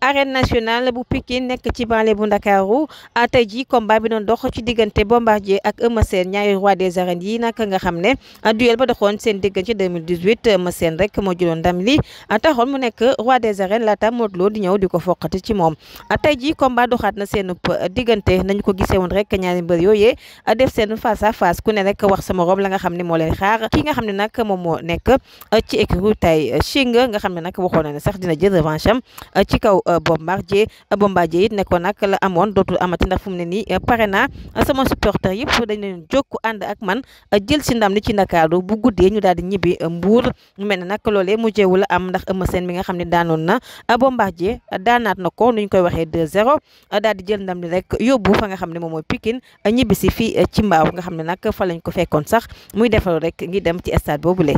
arène nationale bu Pikine nekk ci banlieue bu Ndakaaru ah, tey jii combat bi doon dox ci diggante je ak Eumeu Sène ñaari roi des arènes yi naka nga xam ne ah, duel ba doxoon seen diggante 2018 Eumeu Sène rek moo jëloon ndam li ah, taxoon mu nekk roi des arènes laata Modou Lô di ñëw di ko foqati ci moom tey jii combat doxaat na seen euh, diggante nañu ko gisee woon rek ñaari mbër yooyee def seen face à face ku ne rek wax sa morom la nga xam ne moo leen xaar ki nga xam ne nag moom moo nekk ci écurie Tay Shinga nga xam ne nag waxoon na ne sax dina jël revanche am ci kaw Bombardier Bombardier it ne ko nag la amoon dootul amati ndax fu mu ne nii eh, pare a sama supporter yëpp dañ leen jokku ànd ak man eh, jël si ndam li ci ndakaaru bu guddee ñu daal di ñibbi eh, mbuur mu mel ne nag loolee mujjeewul am ndax Eumeu Sène mi nga xam ne daanoon na Bombardier daanaat na ko nu ñu koy waxee 2-0 daal di jël ndam li rek yobu fa nga xam ne moom mooy Pikine ñibbi si fii ci mbaaw nga xam ne nag fa lañ ko fekkoon sax muy defaru rek ngi dem ci stade